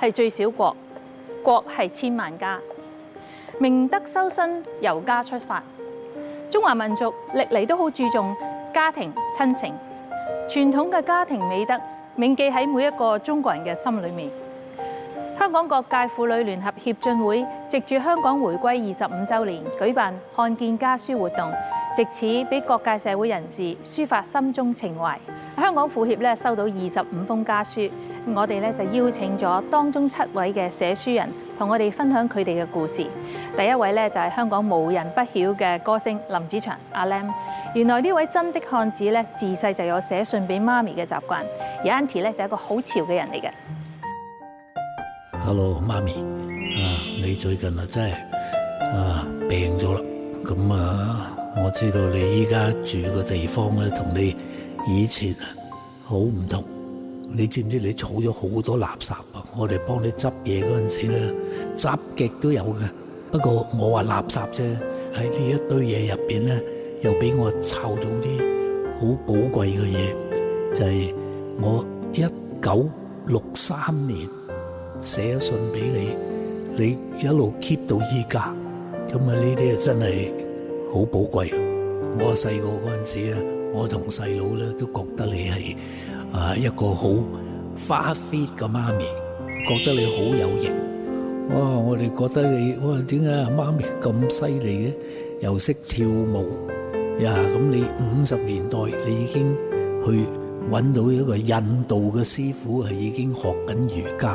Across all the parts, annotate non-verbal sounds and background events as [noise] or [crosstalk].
係最小國，國係千萬家。明德修身，由家出發。中華民族歷嚟都好注重家庭親情，傳統嘅家庭美德銘記喺每一個中國人嘅心裏面。香港各界婦女聯合協進會，藉住香港回歸二十五周年，舉辦“看見家書”活動。借此俾各界社會人士抒發心中情懷，香港婦協咧收到二十五封家書，我哋咧就邀請咗當中七位嘅寫書人同我哋分享佢哋嘅故事。第一位咧就係、是、香港無人不曉嘅歌星林子祥阿 l a m 原來呢位真的漢子咧自細就有寫信俾媽咪嘅習慣，而阿 n n c y 咧就係、是、一個好潮嘅人嚟嘅。Hello，媽咪，啊，你最近啊真係啊病咗啦，咁啊～我知道你依家住嘅地方咧，同你以前啊好唔同。你知唔知你儲咗好多垃圾啊？我哋幫你執嘢嗰陣時咧，執極都有嘅。不過我話垃圾啫，喺呢一堆嘢入邊咧，又俾我抄到啲好寶貴嘅嘢，就係、是、我一九六三年寫咗信俾你，你一路 keep 到依家。咁啊，呢啲啊真係～好寶貴啊。我細個嗰陣時啊，我同細佬咧都覺得你係啊、呃、一個好花 fit 嘅媽咪，覺得你好有型。哇！我哋覺得你哇，點解媽咪咁犀利嘅，又識跳舞呀？咁你五十年代你已經去揾到一個印度嘅師傅，係已經學緊瑜伽。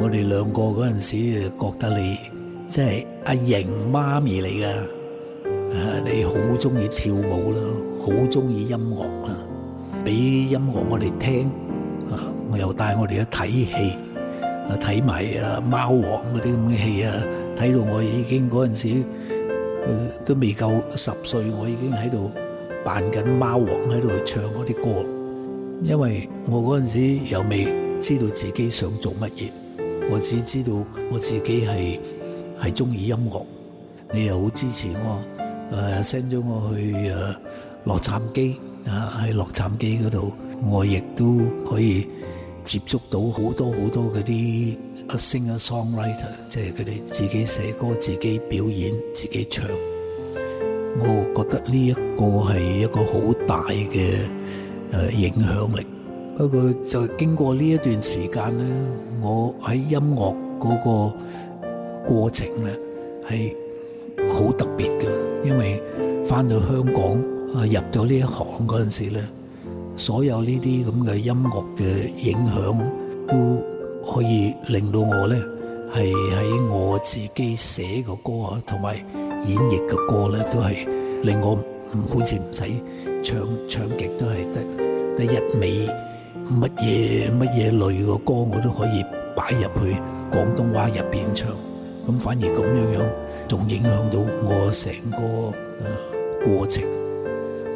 我哋兩個嗰陣時覺得你即係阿型媽咪嚟噶。你好中意跳舞啦，好中意音樂啊！俾音樂我哋聽，我又帶我哋去睇戲，睇埋啊貓王嗰啲咁嘅戲啊！睇、啊啊啊、到我已經嗰陣時、啊、都未夠十歲，我已經喺度扮緊貓王喺度唱嗰啲歌。因為我嗰陣時又未知道自己想做乜嘢，我只知道我自己係係中意音樂，你又好支持我。誒 send 咗我去誒、呃、洛杉磯啊，喺洛杉磯嗰度，我亦都可以接觸到好多好多嗰啲 singer songwriter，即係佢哋自己寫歌、自己表演、自己唱。我覺得呢一個係一個好大嘅誒、呃、影響力。不過就經過呢一段時間咧，我喺音樂嗰個過程咧係。好特別嘅，因為翻到香港啊，入咗呢一行嗰陣時咧，所有呢啲咁嘅音樂嘅影響，都可以令到我咧係喺我自己寫嘅歌啊，同埋演繹嘅歌咧，都係令我唔好似唔使唱唱極都係得得一味乜嘢乜嘢類嘅歌，我都可以擺入去廣東話入邊唱。咁反而咁樣樣，仲影響到我成個、嗯、過程。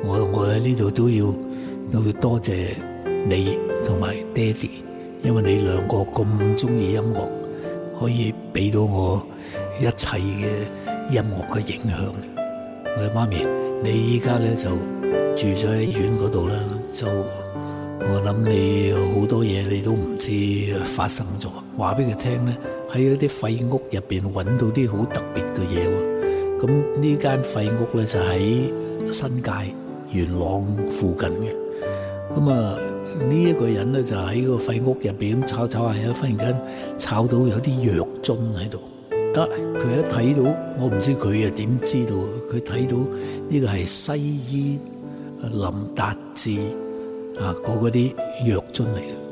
我我喺呢度都要都要多謝你同埋爹哋，因為你兩個咁中意音樂，可以俾到我一切嘅音樂嘅影響。我話媽咪，你依家咧就住咗喺醫院嗰度啦，就我諗你好多嘢你都唔知發生咗，話俾佢聽咧。喺嗰啲廢屋入邊揾到啲好特別嘅嘢喎，咁呢間廢屋咧就喺新界元朗附近嘅，咁啊呢一個人咧就喺個廢屋入邊咁炒炒下，忽然間炒到有啲藥樽喺度，得、啊、佢一睇到，我唔知佢又點知道，佢睇到呢個係西醫林達志啊個啲藥樽嚟嘅。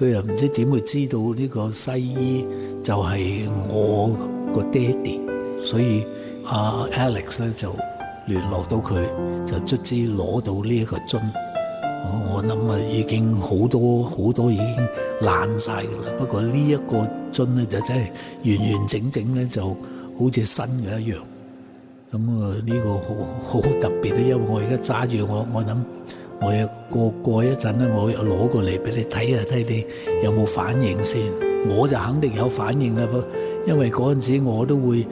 佢又唔知點會知道呢個西醫就係我個爹哋，所以阿、啊、Alex 咧就聯絡到佢，就卒之攞到呢一個樽。我諗啊，已經好多好多已經爛晒㗎啦。不過呢一個樽咧就真係完完整整咧，就好似新嘅一樣。咁、這、啊、個，呢個好好特別嘅，因為我而家揸住我，我諗。我又過過一陣咧，我又攞過嚟俾你睇下，睇你有冇反應先。我就肯定有反應啦噃，因為嗰陣時我都會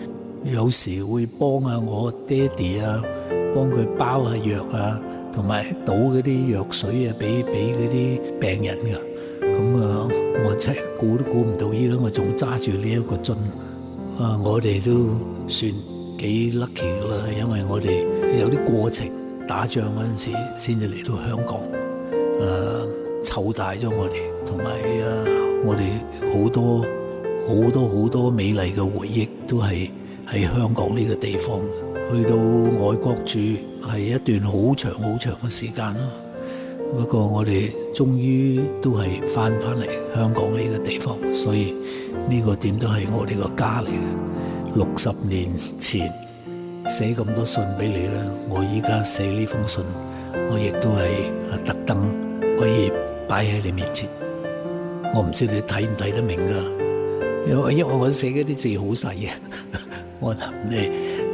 有時會幫下、啊、我爹哋啊，幫佢包下、啊、藥啊，同埋倒嗰啲藥水啊，俾俾嗰啲病人㗎。咁啊，我真係估都估唔到，依家我仲揸住呢一個樽。啊，我哋都算幾 lucky 㗎啦，因為我哋有啲過程。打仗嗰陣時，先至嚟到香港，誒、呃，湊大咗我哋，同埋啊，我哋好多好多好多美麗嘅回憶都係喺香港呢個地方。去到外國住係一段好長好長嘅時間啦。不過我哋終於都係翻返嚟香港呢個地方，所以呢個點都係我哋個家嚟嘅。六十年前。寫咁多信俾你啦，我依家寫呢封信，我亦都係特登可以擺喺你面前。我唔知你睇唔睇得明噶？因為因為我寫嗰啲字好細嘅， [laughs] 我諗你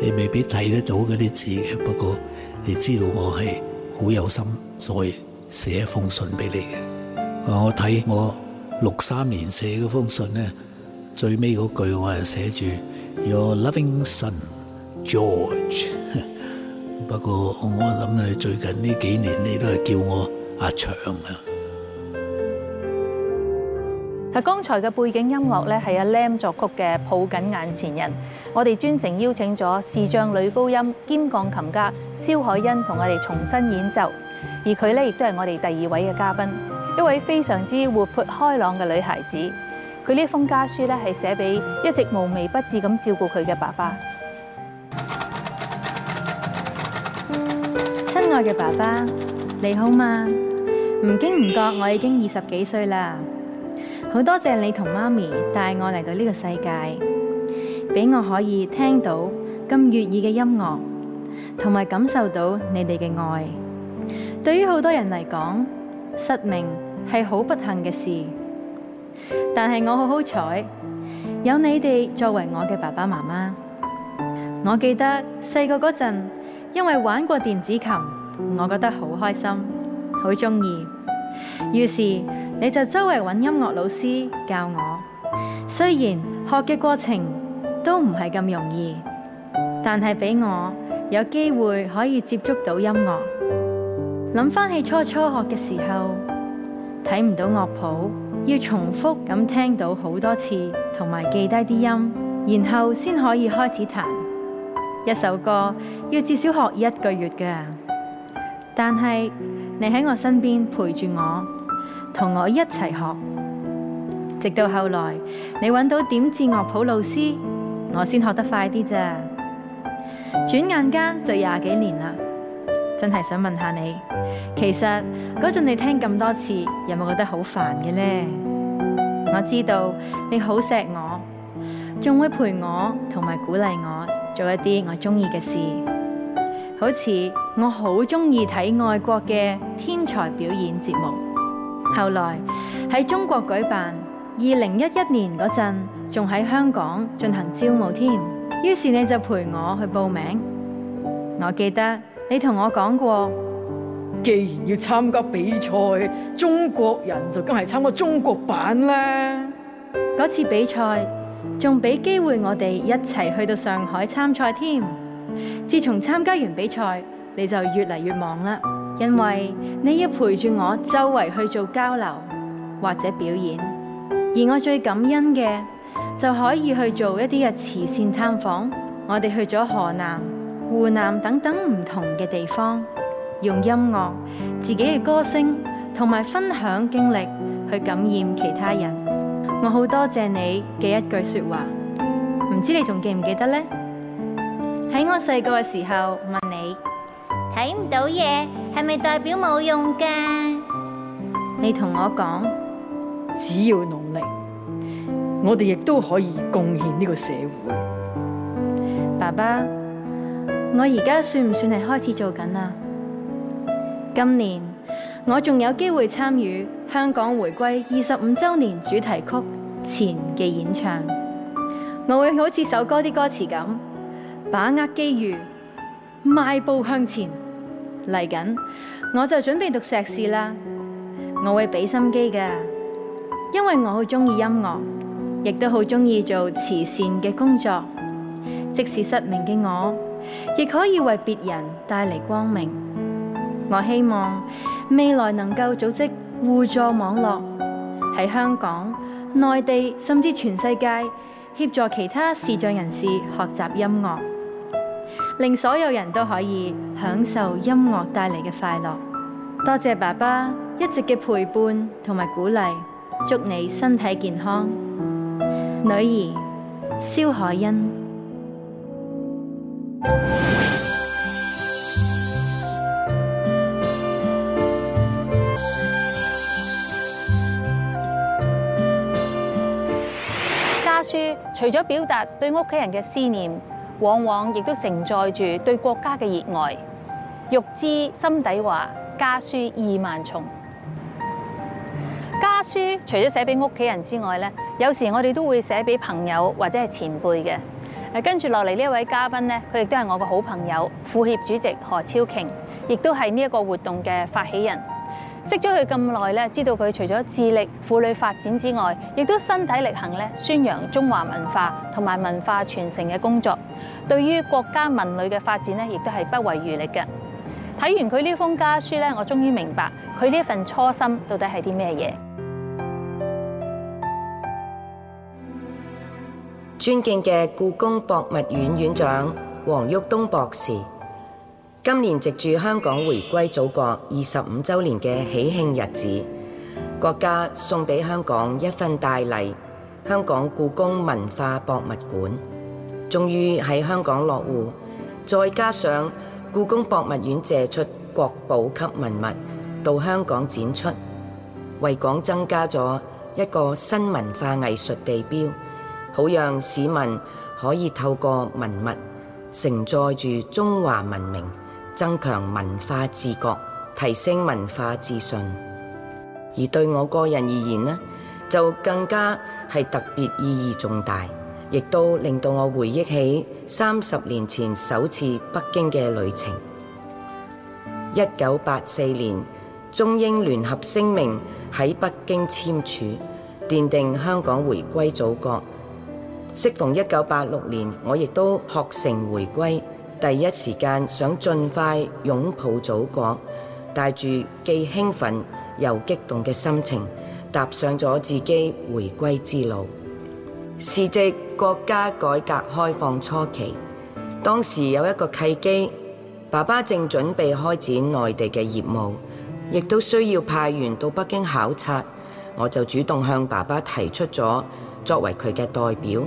你未必睇得到嗰啲字嘅。不過你知道我係好有心，所以寫一封信俾你嘅。我睇我六三年寫嗰封信咧，最尾嗰句我係寫住 Your loving son。George， [laughs] 不過我諗你最近呢幾年你都係叫我阿祥啊。係剛才嘅背景音樂咧，係阿 Lam 作曲嘅《抱緊眼前人》，我哋專程邀請咗視障女高音兼鋼琴家蕭凱恩同我哋重新演奏，而佢咧亦都係我哋第二位嘅嘉賓，一位非常之活潑開朗嘅女孩子。佢呢封家書咧係寫俾一直無微不至咁照顧佢嘅爸爸。我嘅爸爸，你好嗎？唔經唔覺我已經二十幾歲啦，好多謝你同媽咪帶我嚟到呢個世界，俾我可以聽到咁悅耳嘅音樂，同埋感受到你哋嘅愛。對於好多人嚟講，失明係好不幸嘅事，但係我好好彩，有你哋作為我嘅爸爸媽媽。我記得細個嗰陣，因為玩過電子琴。我覺得好開心，好中意。於是你就周圍揾音樂老師教我。雖然學嘅過程都唔係咁容易，但係俾我有機會可以接觸到音樂。諗翻起初初學嘅時候，睇唔到樂譜，要重複咁聽到好多次，同埋記低啲音，然後先可以開始彈。一首歌要至少學一個月㗎。但係你喺我身邊陪住我，同我一齊學，直到後來你揾到點字樂譜老師，我先學得快啲咋。轉眼間就廿幾年啦，真係想問下你，其實嗰陣你聽咁多次，有冇覺得好煩嘅呢？我知道你好錫我，仲會陪我同埋鼓勵我做一啲我中意嘅事。好似我好中意睇外國嘅天才表演節目，後來喺中國舉辦，二零一一年嗰陣仲喺香港進行招募添。於是你就陪我去報名。我記得你同我講過，既然要參加比賽，中國人就梗係參加中國版啦。嗰次比賽仲俾機會我哋一齊去到上海參賽添。自從參加完比賽，你就越嚟越忙啦，因為你要陪住我周圍去做交流或者表演，而我最感恩嘅就可以去做一啲嘅慈善探訪。我哋去咗河南、湖南等等唔同嘅地方，用音樂、自己嘅歌聲同埋分享經歷去感染其他人。我好多謝你嘅一句說話，唔知你仲記唔記得呢？喺我細個嘅時候，問你，睇唔到嘢係咪代表冇用噶？你同我講，只要努力，我哋亦都可以貢獻呢個社會。爸爸，我而家算唔算係開始做緊啊？今年我仲有機會參與香港回歸二十五周年主題曲前嘅演唱，我會好似首歌啲歌詞咁。把握機遇，邁步向前。嚟緊，我就準備讀碩士啦。我會俾心機㗎，因為我好中意音樂，亦都好中意做慈善嘅工作。即使失明嘅我，亦可以為別人帶嚟光明。我希望未來能夠組織互助網絡，喺香港、內地甚至全世界協助其他視障人士學習音樂。令所有人都可以享受音樂帶嚟嘅快樂。多謝爸爸一直嘅陪伴同埋鼓勵，祝你身體健康。女兒蕭凱恩，家書除咗表達對屋企人嘅思念，往往亦都承載住對國家嘅熱愛。欲知心底話，家書意萬重。家書除咗寫俾屋企人之外咧，有時我哋都會寫俾朋友或者係前輩嘅。誒，跟住落嚟呢一位嘉賓咧，佢亦都係我個好朋友，副協主席何超瓊，亦都係呢一個活動嘅發起人。識咗佢咁耐咧，知道佢除咗致力婦女發展之外，亦都身體力行咧，宣揚中華文化同埋文化傳承嘅工作。對於國家文旅嘅發展咧，亦都係不遺餘力嘅。睇完佢呢封家書咧，我終於明白佢呢份初心到底係啲咩嘢。尊敬嘅故宮博物院院長王旭東博士。今年藉住香港回歸祖國二十五週年嘅喜慶日子，國家送畀香港一份大禮。香港故宮文化博物館終於喺香港落戶，再加上故宮博物院借出國寶級文物到香港展出，為港增加咗一個新文化藝術地標，好讓市民可以透過文物承載住中華文明增強文化自覺，提升文化自信。而對我個人而言呢，就更加係特別意義重大，亦都令到我回憶起三十年前首次北京嘅旅程。一九八四年中英聯合聲明喺北京簽署，奠定香港回歸祖國。適逢一九八六年，我亦都學成回歸。第一時間想盡快擁抱祖國，帶住既興奮又激動嘅心情，踏上咗自己回歸之路。時值國家改革開放初期，當時有一個契機，爸爸正準備開展內地嘅業務，亦都需要派員到北京考察，我就主動向爸爸提出咗作為佢嘅代表，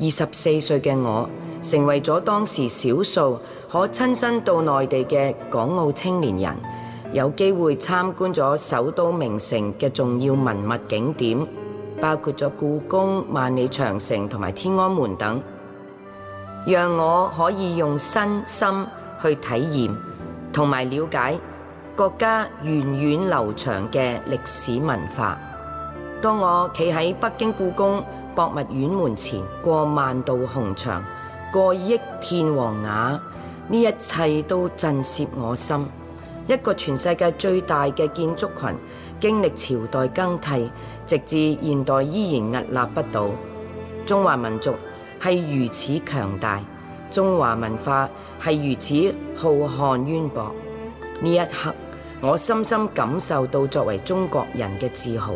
二十四歲嘅我。成為咗當時少數可親身到內地嘅港澳青年人，有機會參觀咗首都名城嘅重要文物景點，包括咗故宮、萬里長城同埋天安門等，讓我可以用身心去體驗同埋了解國家源遠流長嘅歷史文化。當我企喺北京故宮博物院門前過萬道紅牆，過億片黃瓦，呢一切都震懾我心。一個全世界最大嘅建築群，經歷朝代更替，直至現代依然屹立不倒。中華民族係如此強大，中華文化係如此浩瀚淵博。呢一刻，我深深感受到作為中國人嘅自豪。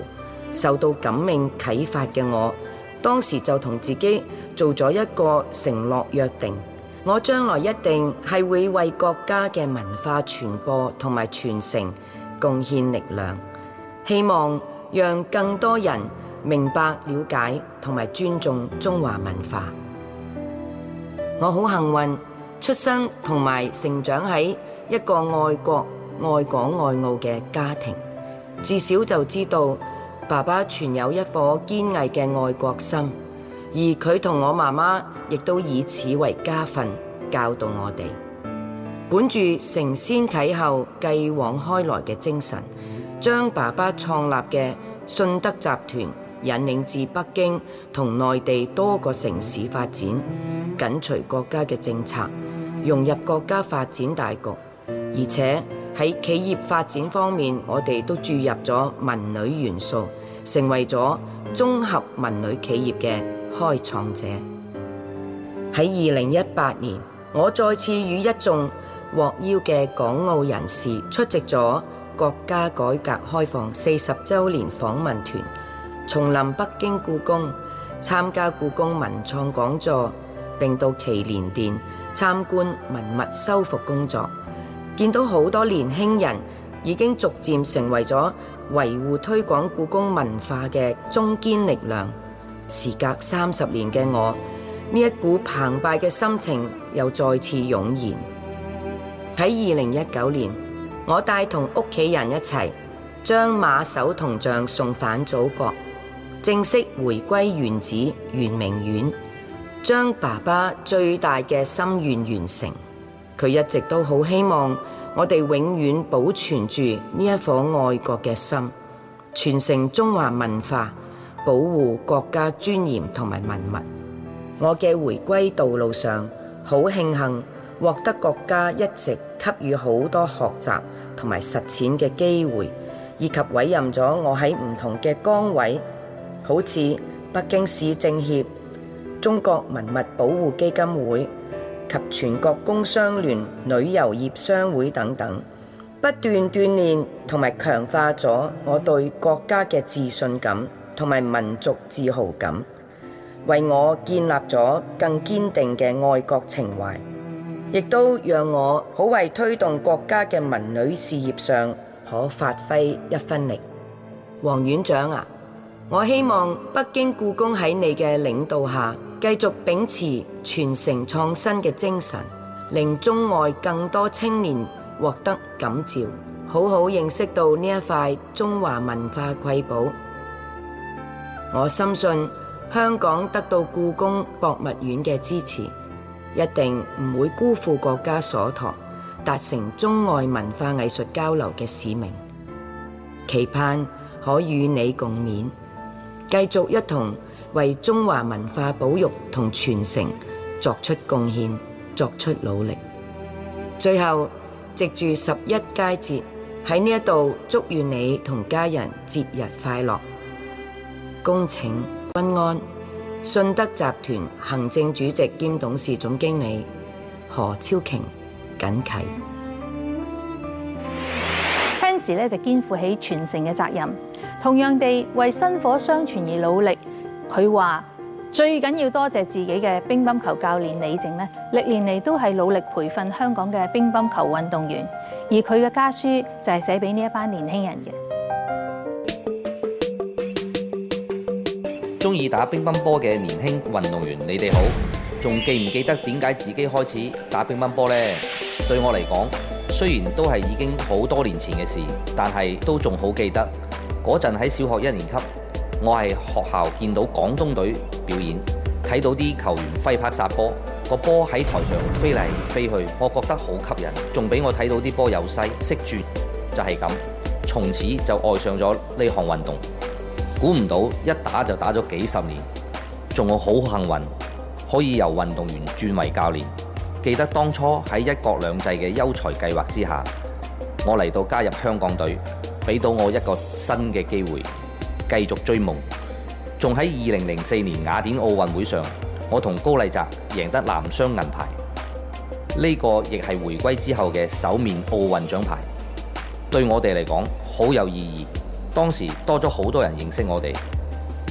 受到感命啟發嘅我。當時就同自己做咗一個承諾約定，我將來一定係會為國家嘅文化傳播同埋傳承，貢獻力量，希望讓更多人明白、了解同埋尊重中華文化。我好幸運，出生同埋成長喺一個愛國、愛港、愛澳嘅家庭，自小就知道。爸爸存有一顆堅毅嘅愛國心，而佢同我媽媽亦都以此為家訓，教導我哋。本住承先啟後、繼往開來嘅精神，將爸爸創立嘅信德集團引領至北京同內地多個城市發展，緊隨國家嘅政策，融入國家發展大局，而且，喺企業發展方面，我哋都注入咗文旅元素，成為咗綜合文旅企業嘅開創者。喺二零一八年，我再次與一眾獲邀嘅港澳人士出席咗國家改革開放四十周年訪問團，重臨北京故宮，參加故宮文創講座，並到祈年殿參觀文物修復工作。見到好多年輕人已經逐漸成為咗維護推廣故宮文化嘅中堅力量。時隔三十年嘅我，呢一股澎湃嘅心情又再次湧現。喺二零一九年，我帶同屋企人一齊將馬首銅像送返祖國，正式回歸原址圓明園，將爸爸最大嘅心願完成。佢一直都好希望我哋永遠保存住呢一顆愛國嘅心，傳承中華文化，保護國家尊嚴同埋文物。我嘅回歸道路上，好慶幸獲得國家一直給予好多學習同埋實踐嘅機會，以及委任咗我喺唔同嘅崗位，好似北京市政協、中國文物保護基金會。及全國工商聯、旅遊業商會等等，不斷鍛鍊同埋強化咗我對國家嘅自信感同埋民族自豪感，為我建立咗更堅定嘅愛國情懷，亦都讓我好為推動國家嘅文旅事業上可發揮一分力。王院長啊，我希望北京故宮喺你嘅領導下。繼續秉持傳承創新嘅精神，令中外更多青年獲得感召，好好認識到呢一塊中華文化瑰寶。我深信香港得到故宮博物院嘅支持，一定唔會辜負國家所託，達成中外文化藝術交流嘅使命。期盼可與你共勉，繼續一同。為中華文化保育同傳承作出貢獻、作出努力。最後，藉住十一佳節，喺呢一度，祝願你同家人節日快樂，恭請君安。信德集團行政主席兼董事總經理何超瓊謹啟。Henry 咧就肩負起傳承嘅責任，同樣地為薪火相傳而努力。佢話：最緊要多謝自己嘅乒乓球教練李靜呢，歷年嚟都係努力培訓香港嘅乒乓球運動員。而佢嘅家書就係寫俾呢一班年輕人嘅。鍾意打乒乓波嘅年輕運動員，你哋好，仲記唔記得點解自己開始打乒乓波呢？對我嚟講，雖然都係已經好多年前嘅事，但係都仲好記得嗰陣喺小學一年級。我喺學校見到廣東隊表演，睇到啲球員揮拍殺波，個波喺台上飛嚟飛去，我覺得好吸引，仲俾我睇到啲波有勢、識轉，就係咁。從此就愛上咗呢項運動。估唔到一打就打咗幾十年，仲我好幸運可以由運動員轉為教練。記得當初喺一國兩制嘅優才計劃之下，我嚟到加入香港隊，俾到我一個新嘅機會。繼續追夢，仲喺二零零四年雅典奧運會上，我同高禮澤贏得男雙銀牌，呢、這個亦係回歸之後嘅首面奧運獎牌，對我哋嚟講好有意義。當時多咗好多人認識我哋，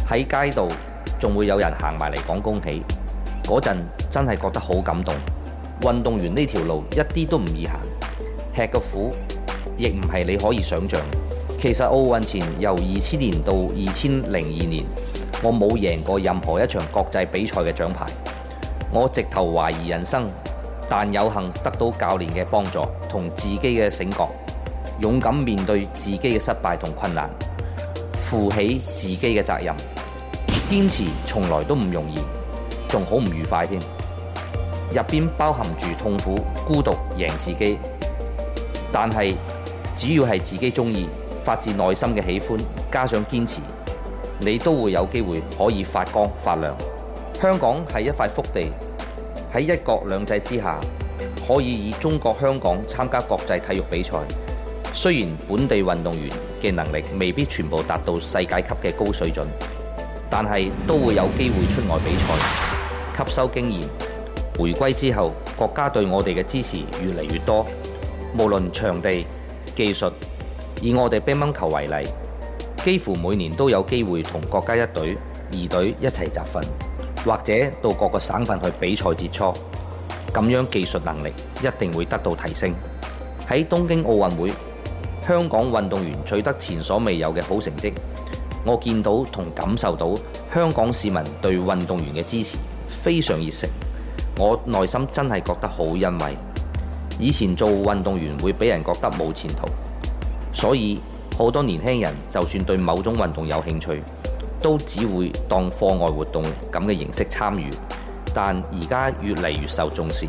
喺街度仲會有人行埋嚟講恭喜，嗰陣真係覺得好感動。運動員呢條路一啲都唔易行，吃個苦亦唔係你可以想象其實奧運前由二千年到二千零二年，我冇贏過任何一場國際比賽嘅獎牌。我直頭懷疑人生，但有幸得到教練嘅幫助同自己嘅醒覺，勇敢面對自己嘅失敗同困難，負起自己嘅責任。堅持從來都唔容易，仲好唔愉快添。入邊包含住痛苦、孤獨、贏自己，但係只要係自己中意，發自內心嘅喜歡，加上堅持，你都會有機會可以發光發亮。香港係一塊福地，喺一國兩制之下，可以以中國香港參加國際體育比賽。雖然本地運動員嘅能力未必全部達到世界級嘅高水準，但係都會有機會出外比賽，吸收經驗。回歸之後，國家對我哋嘅支持越嚟越多，無論場地、技術。以我哋乒乓球為例，幾乎每年都有機會同國家一隊、二隊一齊集訓，或者到各個省份去比賽切磋，咁樣技術能力一定會得到提升。喺東京奧運會，香港運動員取得前所未有嘅好成績，我見到同感受到香港市民對運動員嘅支持非常熱誠，我內心真係覺得好欣慰。以前做運動員會俾人覺得冇前途。所以好多年輕人就算對某種運動有興趣，都只會當課外活動咁嘅形式參與。但而家越嚟越受重視，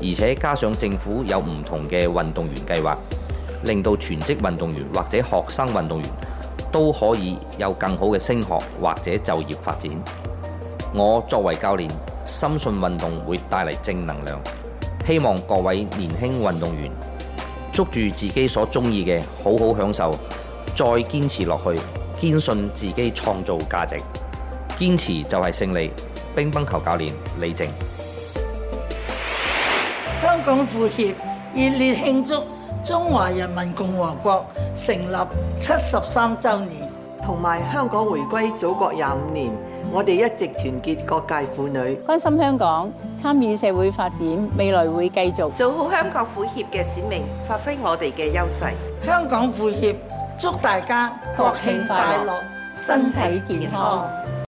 而且加上政府有唔同嘅運動員計劃，令到全職運動員或者學生運動員都可以有更好嘅升學或者就業發展。我作為教練，深信運動會帶嚟正能量，希望各位年輕運動員，捉住自己所中意嘅，好好享受，再堅持落去，堅信自己創造價值，堅持就係勝利。乒乓球教練李靜，香港婦協熱烈慶祝中華人民共和國成立七十三周年，同埋香港回歸祖國廿五年。我哋一直團結各界婦女，關心香港，參與社會發展，未來會繼續做好香港婦協嘅使命，發揮我哋嘅優勢。香港婦協祝大家國慶快樂，身體健康。